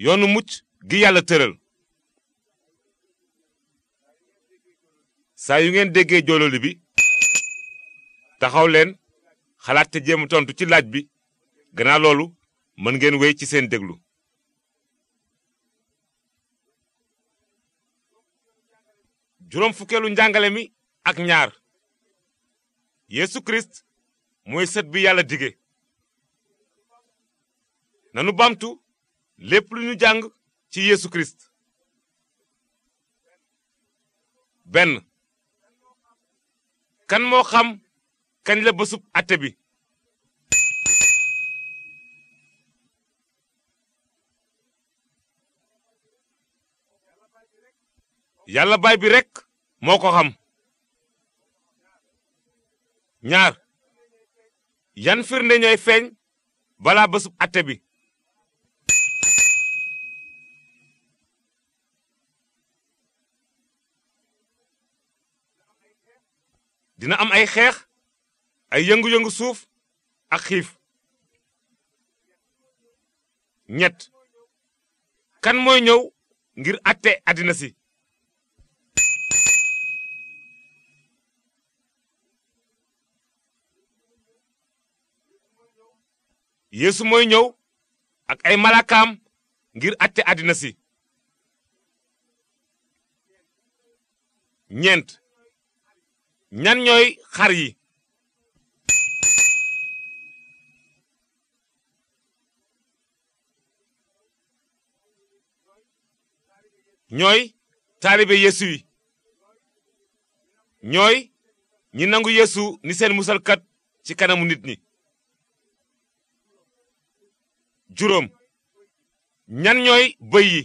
yoonu mucc gi yàlla tëral saa yu ngeen déggee joololi bi taxaw leen xalaat te jéem tontu ci laaj bi gannaaw loolu mën ngeen wéy ci seen déglu juróom fukkeelu njàngale mi ak ñaar Yesu Christ mooy sët bi yàlla dige nanu bamtu lépp lu ñu jàng ci Yesu Christ benn kan moo xam kañ la bésub àtte bi yàlla baay bi rekk moo ko xam ñaar yan firnde ñooy feeñ balaa bésub àtte bi dina am ay xeex ay yëngu-yëngu suuf ak xiif ñett kan mooy ñëw ngir atte àddina si yéesu mooy ñëw ak ay malakaam ngir atte àddina si ñeent ñan ñooy xar yi ñooy taalibe yeesu yi ñooy ñi nangu yeesu ni seen musalkat ci kanamu nit ñi juróom ñan ñooy bëy yi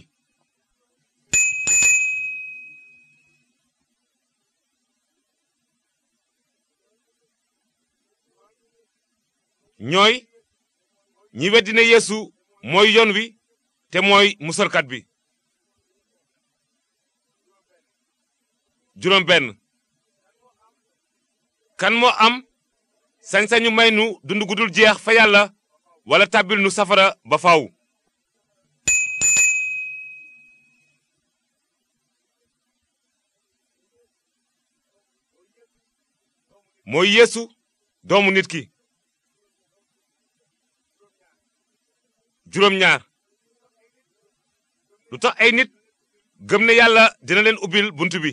ñooy ñi weddi ne mooy yoon wi te mooy musalkat bi juróom kan moo am sañ-sañu may nu dund jeex fa yàlla wala tàbbil nu safara ba faaw mooy doomu nit ki juróom lu tax ay nit gëm ne yàlla dina leen ubbil bunt bi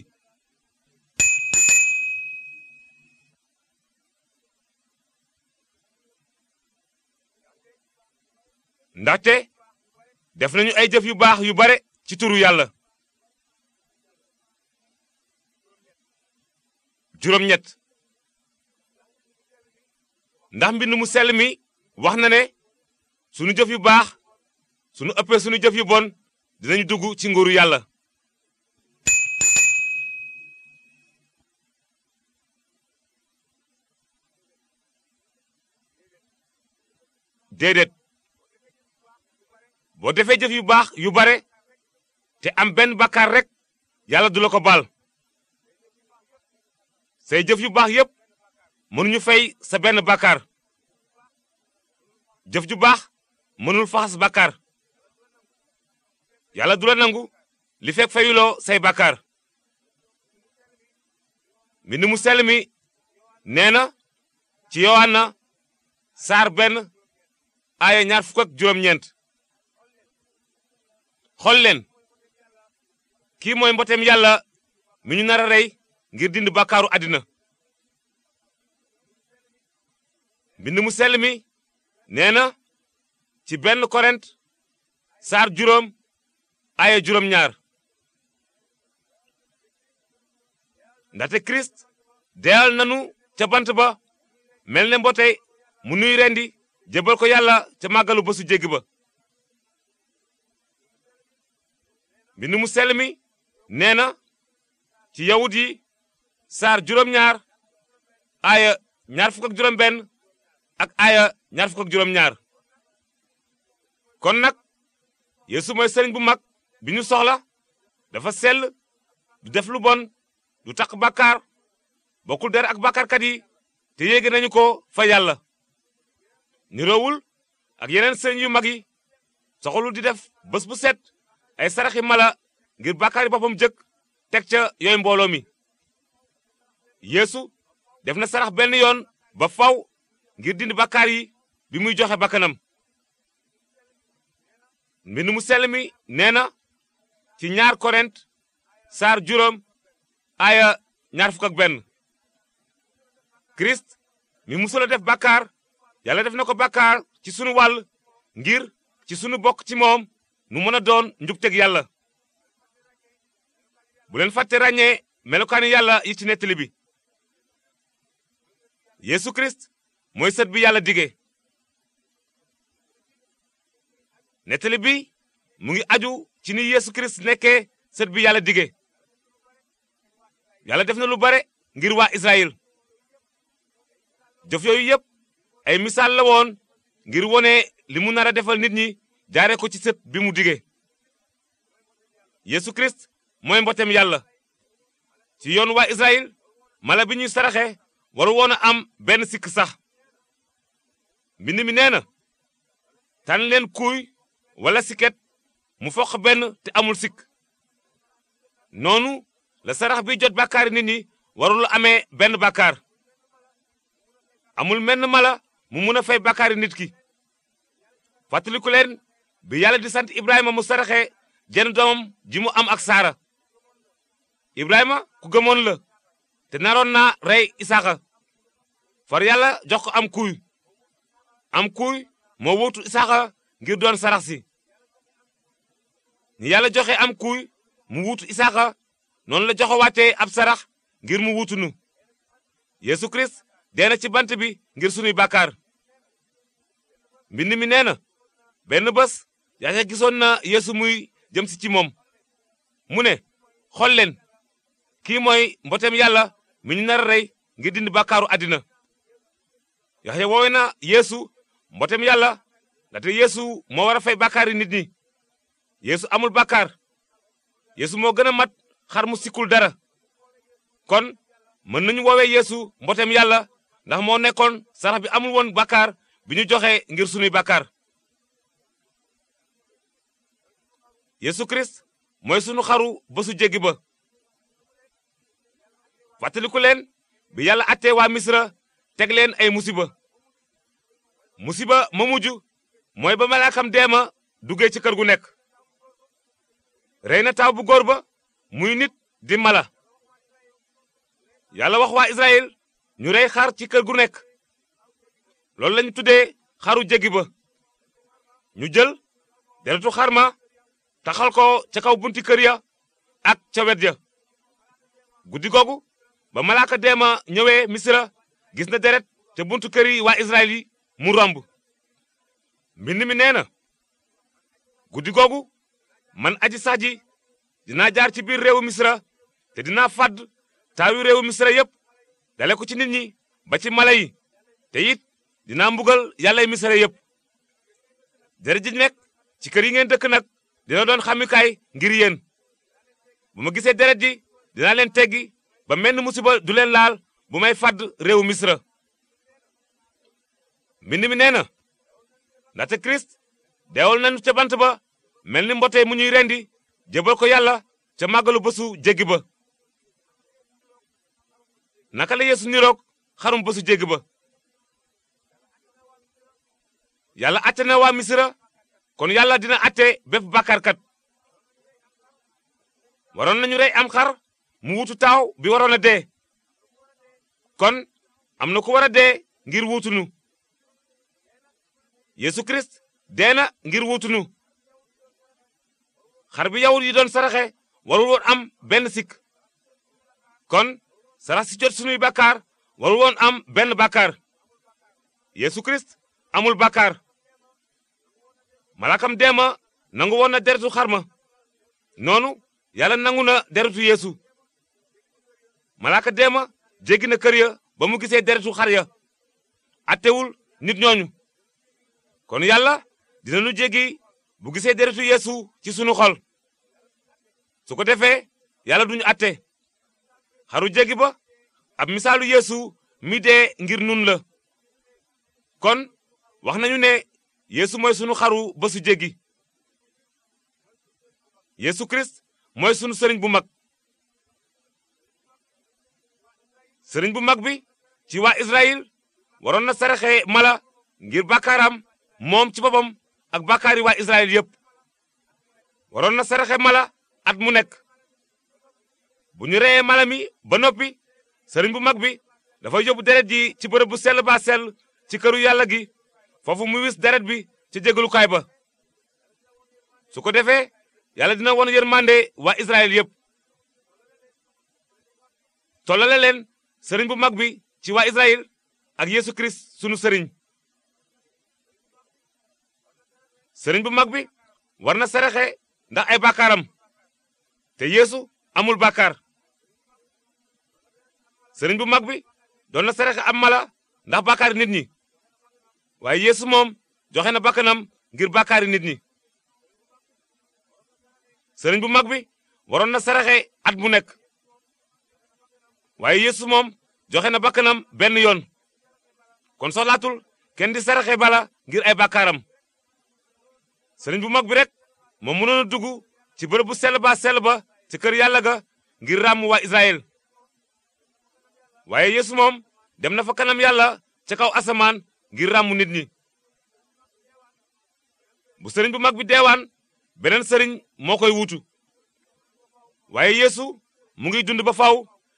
ndaxte def nañu ay jëf yu baax yu bare ci turu yàlla juróom-ñett ndax mbind mu sell mi wax na ne sunu jëf yu baax sunu ëppee sunu jëf yu bon dinañu dugg ci nguuru yàlla. déedéet boo defee jëf yu baax yu bare te am benn bakkaar rek yàlla du la ko baal say jëf yu baax yépp mënuñu fay sa benn bakkaar jëf ju baax mënul faxas bàkkaar yàlla du la nangu li fekk fayuloo say bàkkaar mbind mu sell mi nee na ci yowaana saar benn aaya ñaar fukk ak juróom-ñeent xool leen kii mooy mboteem yàlla mi ñu nar ngir dind bakaaru àddina mbind mu sell ci benn korent saar juróom aaye juróom ñaar ndaxte kirist deyal nanu ca bant ba mel ne mbotey mu nuy rendi jébbal ko yàlla ca màggalu bésu jéggi ba nu mu sell mi nee na ci yawut yi saar juróom-ñaar aaya ñaar fukk ak juróom benn ak aaya ñaar fukk juróom-ñaar kon nag yeesu mooy sëriñ bu mag bi ñu soxla dafa sell du def lu bon du takk bàkkaar bokkul der ak bàkkaarkat yi te yéege nañu ko fa yàlla niroowul ak yeneen sëriñ yu mag yi soxalul di def bës bu set ay saraxi mala ngir bàkkaari boppam jëkk teg ca yooyu mbooloo mi yeesu def na sarax benn yoon ba faw ngir dindi bàkkaar yi bi muy joxe bakkanam mbind mu sell mi nee na ci ñaar korent saar juróom aaya ñaar fukk ak benn kirist mi musula def bàkkaar yàlla def na ko bàkkaar ci sunu wàll ngir ci sunu bokk ci moom nu mën a doon njubteg yàlla bu leen fàtte ràññee melokaani yàlla yi ci nettali bi kirist mooy sët bi yàlla dige nettali bi mu ngi aju ci ni Yesu Kirist nekkee sët bi yàlla dige yàlla def na lu bare ngir waa Israël jëf yooyu yépp ay misaal la woon ngir wone li mu nar a defal nit ñi jaare ko ci sët bi mu dige Yesu Kirist mooy mbotem yàlla ci yoon waa Israël mala bi ñuy saraxe waru woon a am benn sikk sax mbind mi nee na leen kuuy wala sikket mu foq benn te amul sikk noonu la sarax bi jot bàkkaari nit ñi warul ame benn bàkkaar amul menn mala mu mun a fay bàkkaari nit ki fàttaliku leen bi yàlla di sant ibrahima mu saraxee jenn doomam ji mu am ak saara ibrahima ku gëmoon la te naroon na rey isaaxa far yàlla jox am kuuy am kuuy moo wuutu isaaxa ngir doon sarax si ni yàlla joxe am kuy mu wuutu isaaxa noonu la joxe wàccee ab sarax ngir mu wuutu nu yeesu kirist dee ci bant bi ngir sunuy bàkkaar mbind mi nee na benn bés Yaxya gisoon na yeesu muy jëm si ci moom mu ne xool leen kii mooy mbotem yàlla mi ñu nar rey ngir dind bàkkaaru àddina Yaxya woowe na yeesu yàlla ndaxte yeesu moo war a fay bàkkaari nit ñi yéesu amul bàkkaar yeesu moo gën a mat xar mu sikkul dara kon mën nañu woowee yeesu mbotem yàlla ndax moo nekkoon sarax bi amul woon bàkkaar bi ñu joxe ngir sunuy bàkkaar yeesu kirist mooy sunu xaru bésu jéggi ba fàttaliku leen bi yàlla àttee waa misra teg leen ay musiba musiba ma mooy ba malaakam deema dugge ci kër gu nekk rey na taaw bu góor ba muy nit di mala yàlla wax waa Israël ñu rey xar ci kër gu nekk loolu lañu tuddee xaru jéggi ba ñu jël deretu xar ma taxal ko ca kaw bunti kër ya ak ca wet ya guddi googu ba malaaka deema ñëwee misira gis na deret ca buntu kër yi waa Israël yi mu romb mbind mi nee na guddi googu man aji sax ji dinaa jaar ci biir réew misra te dinaa fàdd taawi réew misra yépp dale ko ci nit ñi ba ci mala yi te it dina mbugal yàllay misra yépp deret ji nekk ci kër yi ngeen dëkk nag dina doon xamukaay ngir yéen bu ma gisee deret ji dinaa leen teggi ba menn musiba du leen laal bu may fàdd réew misra mbind mi nee na ndaxte kirist deewal nañu ca bant ba mel ni mbotee mu ñuy rendi jébal ko yàlla ca màggalu bésu jéggi ba naka la yeesu niroog xarum bésu jéggi ba yàlla àtte na waa misira kon yàlla dina àtte bépp bàkkaarkat waroon nañu rey am xar mu wuutu taaw bi waroon a dee kon am na ku war a dee ngir wuutunu Yesu Christ dee ngir wutunu xar bi yawut yi doon saraxe warul woon am benn sikk kon sarax si jot sunuy bàkkaar warul woon am benn bàkkaar yéesu Christ amul bàkkaar malakam deema nangu woon na deretu xar ma noonu yàlla nangu na deretu yeesu malaaka deema jéggi na kër ya ba mu gisee deretu xar ya attewul nit ñooñu kon yàlla dinañu jéggi bu gisee deretu yéesu ci sunu xol su ko defee yàlla duñu atte xaru jéggi ba ab misaalu yeesu mi dee ngir nun la kon wax nañu ne yéesu mooy sunu xaru ba su jéggi yeesu kirist mooy sunu sëriñ bu mag sëriñ bu mag bi ci waa israyil waroon na saraxe mala ngir bàkkaaram moom ci boppam ak bàkkaari waa Israël yépp waroon na saraxe mala at mu nekk bu ñu reyee mala mi ba noppi sëriñ bu mag bi dafa yóbbu deret ji ci bërëb bu sell ba sell ci këru yàlla gi foofu mu wis deret bi ci jégalukaay ba su ko defee yàlla dina won yërmande waa Israël yépp tollale leen sëriñ bu mag bi ci waa Israël ak Yesu Christ sunu sëriñ sëriñ bu mag bi war na saraxe ndax ay bàkkaaram te yéesu amul bàkkaar sëriñ bu mag bi doon na saraxe am mala ndax bàkkaari nit ñi waaye yéesu moom joxe na bakkanam ngir bàkkaari nit ñi sëriñ bu mag bi waroon na saraxe at bu nekk waaye yeesu moom joxe na bakkanam benn yoon kon soxlaatul kenn di saraxe bala ngir ay bàkkaaram sëriñ bu mag bi rek moo mënoon dugg ci bërëb bu sell ba sell ba ci kër yàlla ga ngir ràmm waa Israël. waaye yeesu moom dem na fa kanam yàlla ca kaw asamaan ngir ràmm nit ñi. bu sëriñ bu mag bi deewaan beneen sëriñ moo koy wuutu. waaye yeesu mu ngi dund ba faw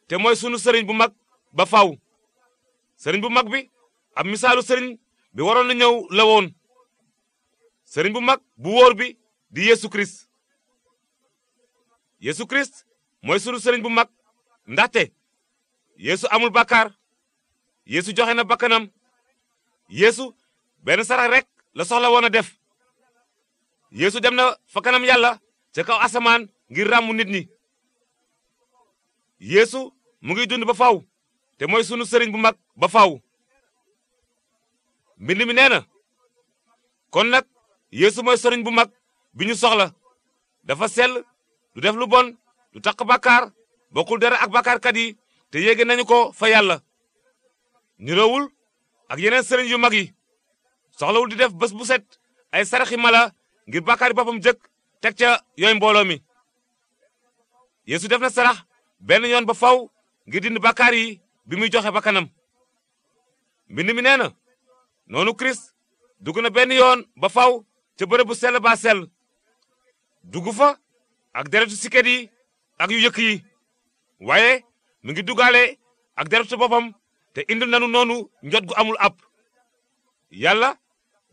te mooy sunu sëriñ bu mag ba faw sëriñ bu mag bi ab misaalu sëriñ bi waroon na ñëw lawoon sëriñ bu mag bu wóor bi di Yesu Christ Yesu Christ mooy sunu sëriñ bu mag ndate yéesu amul bakkaar yéesu joxe na bakkanam Yesu benn sarax rek la soxla woona def yéesu dem na fakanam kanam yàlla ca kaw asamaan ngir ràmmu nit ñi yéesu mu ngi dund ba te mooy sunu sëriñ bu mag ba faw mbind mi nee kon nag yéesu mooy sëriñ bu mag bi ñu soxla dafa sell du def lu bon du taq bàkkaar bokkul dara ak bàkkaarkat yi te yéege nañu ko fa yàlla ñu niroowul ak yeneen sëriñ yu mag yi soxlawul di def bés bu set ay saraxi mala ngir bàkkaari boppam jëkk teg ca yooyu mbooloo mi yeesu def na sarax benn yoon ba faw ngir dind bàkkaar yi bi muy joxe bakkanam mbind mi nee na noonu kirist dugg na benn yoon ba ca bërëb bu sell ba dugufa ak deretu siket yi ak yu yëkk yi waaye mu ngi dugaale ak deretu boppam te indil nanu noonu njot gu amul ab yàlla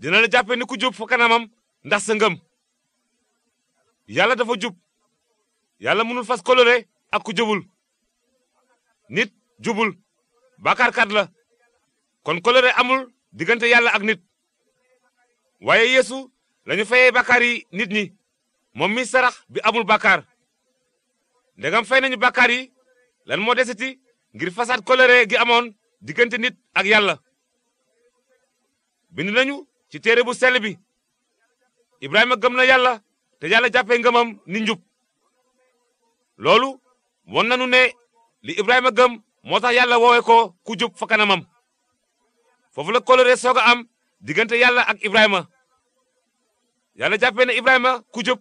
dina la jàppe ni ku jub fa kanamam ndax sa ngëm yàlla dafa jub yàlla mënul fas kolore ak ku jubul nit jubul bàkkaarkat la kon kolore amul diggante yàlla ak nit waaye yeesu lañu fayee bakkaar yi nit ñi moom mi sarax bi amul bakkaar ndegam fay nañu bakkaar yi lan moo desiti ngir fasaat kolere gi amoon diggante nit ak yàlla bind nañu ci téere bu sell bi ibrahima gëm na yàlla te yàlla jàppee ngëmam ni njub loolu won nañu ne li ibrahima gëm moo tax yàlla woowee ko ku jub fa foofu la kolere soog am diggante yàlla ak ibrahima yàlla jàppee na Ibrahima ku jub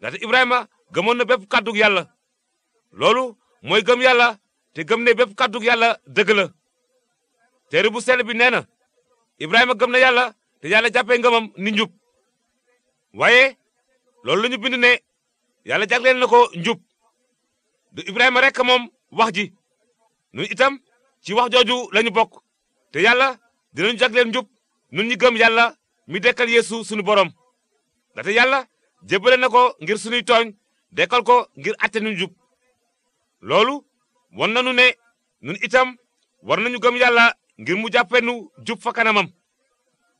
ndaxte Ibrahima gëmoon na bépp kàddug yàlla loolu mooy gëm yàlla te gëm ne bépp kàddug yàlla dëgg la téere bu sell bi nee na Ibrahima gëm na yàlla te yàlla jàppee ngëmam ni njub waaye loolu lañu bind ne yàlla jagleel na ko njub du Ibrahima rek moom wax ji nun itam ci wax jooju lañu bokk te yàlla dinañu jagleel njub nun ñi gëm yàlla mi dekkal yeesu sunu borom ndaxte yàlla jébbale na ko ngir sunuy tooñ dekkal ko ngir atte jub loolu won nanu ne nun itam war nañu gëm yàlla ngir mu jàppe jub fa kanamam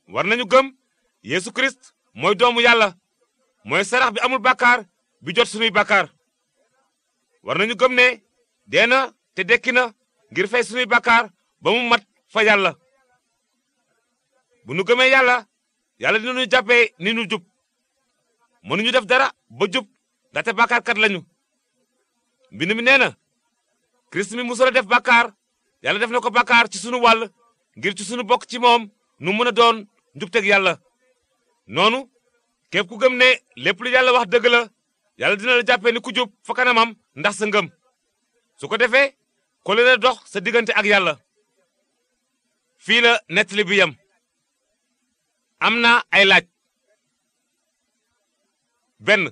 war nañu gëm yéesu Christ mooy doomu yàlla mooy sarax bi amul bàkkaar bi jot sunuy bàkkaar war nañu gëm ne dee na te dekki na ngir fay sunuy bàkkaar ba mu mat fa yàlla bu nu gëmee yàlla yàlla dina nu jàppee ni nu jub mënuñu def dara ba jub ndaxte bàkkaarkat lañu mbind mi nee na kirist mi musula def bàkkaar yàlla def na ko bàkkaar ci sunu wàll ngir ci sunu bokk ci moom nu mën a doon teg yàlla noonu képp ku gëm ne lépp lu yàlla wax dëgg la yàlla dina la jàppee ni ku fa kanamam ndax sëngam su ko defee kóllëre dox sa diggante ak yàlla fii la nettali bi yem am na ay laaj benn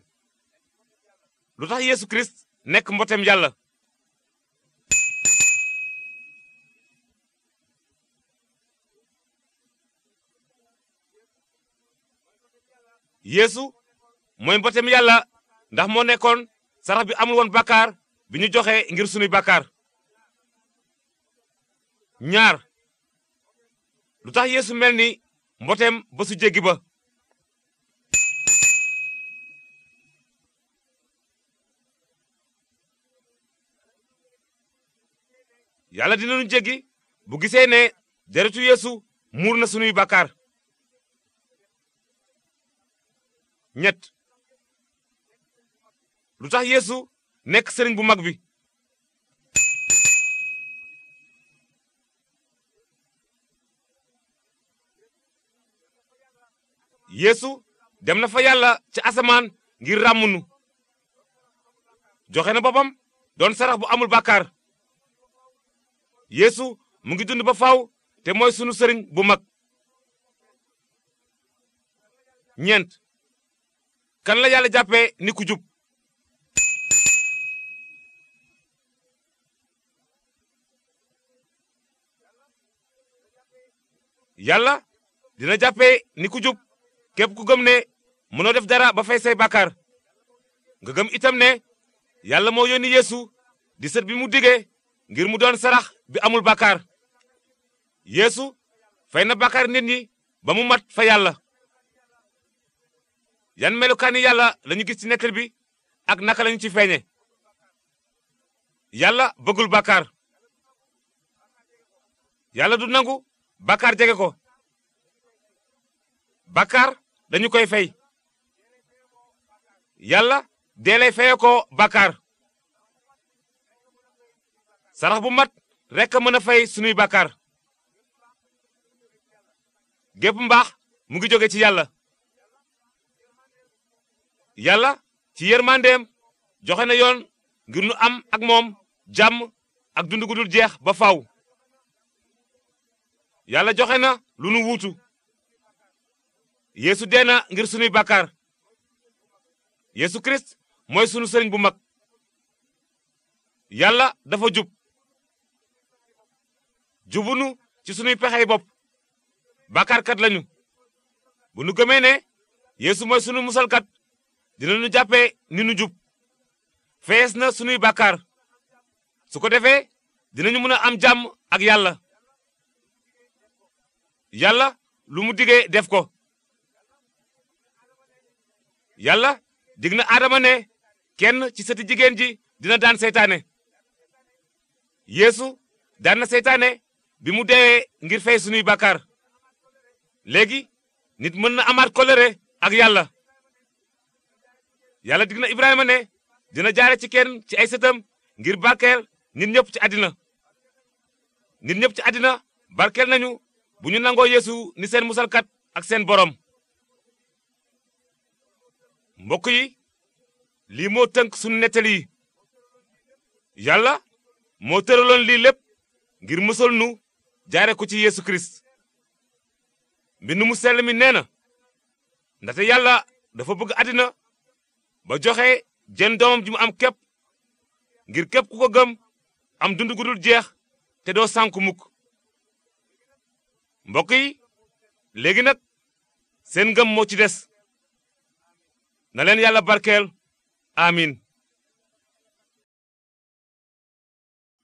lu tax Yesu Christ nekk mbotem yàlla. yéesu mooy mbotem yàlla ndax moo nekkoon sarax bi amul woon bàkkaar bi ñu joxe ngir sunuy bàkkaar. ñaar lu tax yéesu mel ni mbotem ba su yàlla dinañu jéggi bu gisee ne deretu yeesu na sunuy bàkkaar ñett lu tax yéesu nekk sëriñ bu mag bi yéesu dem na fa yàlla ci asamaan ngir ràmm nu joxe na boppam doon sarax bu amul bàkkaar yeesu mu ngi dund ba faaw te mooy sunu sëriñ bu mag ñeent kan la yàlla jàppee ni ku jub yàlla dina jàppee ni ku jub képp ku gëm ne mënoo def dara ba fay say bàkkaar nga gëm itam ne yàlla moo yónni yeesu di sët bi mu digee ngir mu doon sarax bi amul bàkkaar yeesu fay na bàkkaar nit ñi ba mu mat fa yàlla yan melukaani yàlla lañu gis ci nettali bi ak naka lañu ci feeñe yàlla bëggul bàkkaar yàlla du nangu bàkkaar jege ko bàkkaar dañu koy fay yàlla dee lay feye ko bàkkaar sarax bu mat rekk a mën a fay sunuy bàkkaar gépp mbaax mu ngi jóge ci yàlla yàlla ci yërmandeem joxe na yoon ngir nu am ak moom jàmm ak dund jeex ba faw yàlla joxe na lu nu wuutu yéesu dee na ngir sunuy bàkkaar yeesu kirist mooy sunu sëriñ bu mag yàlla dafa jub jubunu ci sunuy pexey bopp bàkkaarkat lañu bu nu gëmee ne yeesu mooy sunu musalkat dinañu jàppee ni nu jub fees na sunuy bàkkaar su ko defee dinañu mën a am jàmm ak yàlla yàlla lu mu digee def ko yàlla dig na aadama ne kenn ci sëti jigéen ji dina daan seytaane yéesu daan na seytaane bi mu deewee ngir fay sunuy bàkkaar léegi nit mën na amaat kolere ak yàlla yàlla dig na Ibrahima ne dina jaare ci kenn ci ay sëtam ngir barkeel nit ñëpp ci àddina nit ñëpp ci àddina barkeel nañu bu ñu nangoo yeesu ni seen musalkat ak seen borom mbokk yi lii moo tënk sunu nettali yi yàlla moo tëraloon lii lépp ngir mësal nu jaare ko ci Yesu Christ mbind mu sell mi nee na ndaxte yàlla dafa bëgg àddina ba joxe jën doomam ji mu am képp ngir képp ku ko gëm am dund gu jeex te doo sànku mukk mbokk yi léegi nag seen ngëm moo ci des na leen yàlla barkeel amiin